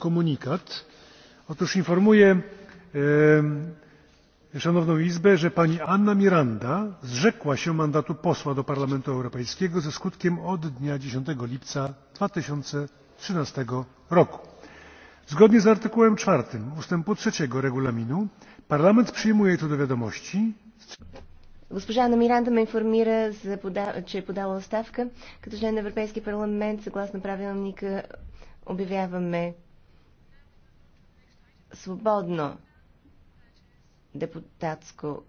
komunikat otóż informuję szanowną izbę że pani anna miranda zrzekła się mandatu posła do parlamentu europejskiego ze skutkiem od dnia dziesięć lipca dwa tysiące trzynaście roku. zgodnie z artykułem cztery ustępu trzy regulaminu parlament przyjmuje to do wiadomości Госпожа Анна Миранда ме информира, за пода... че е подала оставка. Като член на Европейския парламент, съгласно правилника, обявяваме свободно депутатско